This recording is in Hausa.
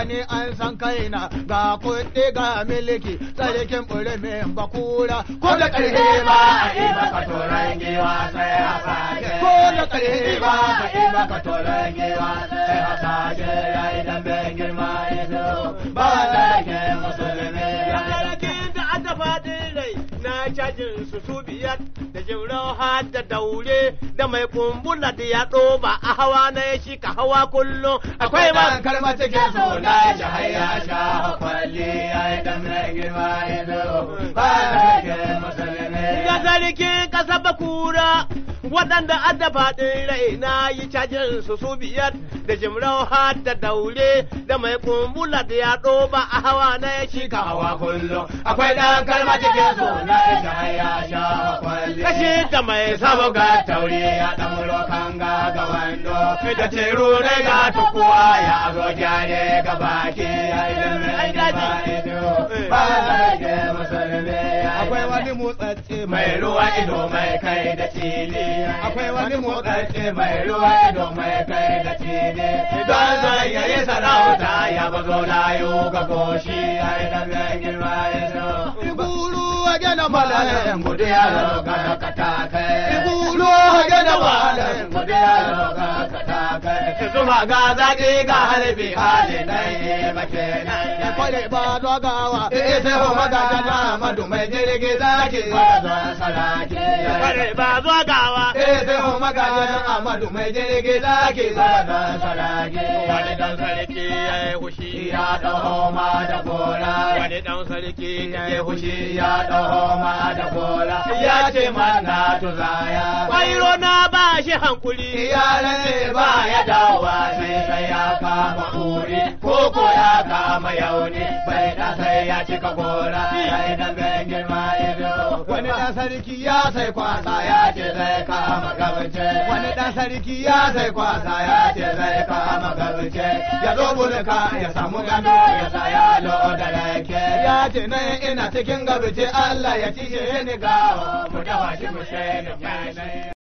haka ne an san kai na ga kuɗi ga miliki tsarikin ɓurimin bakura ko da ƙarfi ba a yi maka turan giwa sai hasashe ko da ƙarfi ba a yi maka turan giwa sai hasashe ya yi dambe girma ya zo ba da ke musulmi ya yi da adafa faɗin rai na cajin su su biyar jimrau har da daure da mai kumbula da ya ɗoba a hawa na ya shi ka hawa kullum akwai ma kalma take so na shi haya sha kwalli ya dan na girma ya zo ba na ga musulmi ga sarkin kasa bakura waɗanda adda faɗin rai na yi cajin su su biyar da jimrau har da daure da mai kumbula da ya ɗoba a hawa na ya shi ka hawa kullum akwai ɗan kalma cikin su na ita ya sha kwalli kashi da mai samu ga taure ya ɗan da tero na ga ta kowa ya zo gyare ga baki akwai wani motsatse mai ruwa ido mai kai da cili akwai wani motsatse mai ruwa ido mai kai da cili idan zai yayi sarauta ya bazo layo ga goshi ai da girma ya zo buru a gana malayan gudu ya roga ka ta zuma ga zaki ga harbi hali ba eh, eh, sai ho maga jana madu mai jirgi zaki ba sai magajin Amadu mai jirgi zaki zara dan sarki. Wani dan sarki ya yi hushi ya ɗaho ma da Wani dan sarki ya yi hushi ya ɗaho ma da Ya ce na tuzaya. Kwairo na ba shi hankuli. Yaran ne ba ya dawa sai sai ya kama kuri. Koko ya kama yauni. Bai da sai ya cika gora. Sai dan girma wani dan sarki ya sai kwasa ya ce zai kama gabance wani dan sarki ya sai kwasa ya ce zai kama gabance ya zo bulka ya samu gado ya sa ya lo da rake ya ce na ina cikin gabace Allah ya ci shi ni gawa mu dawa shi mu shi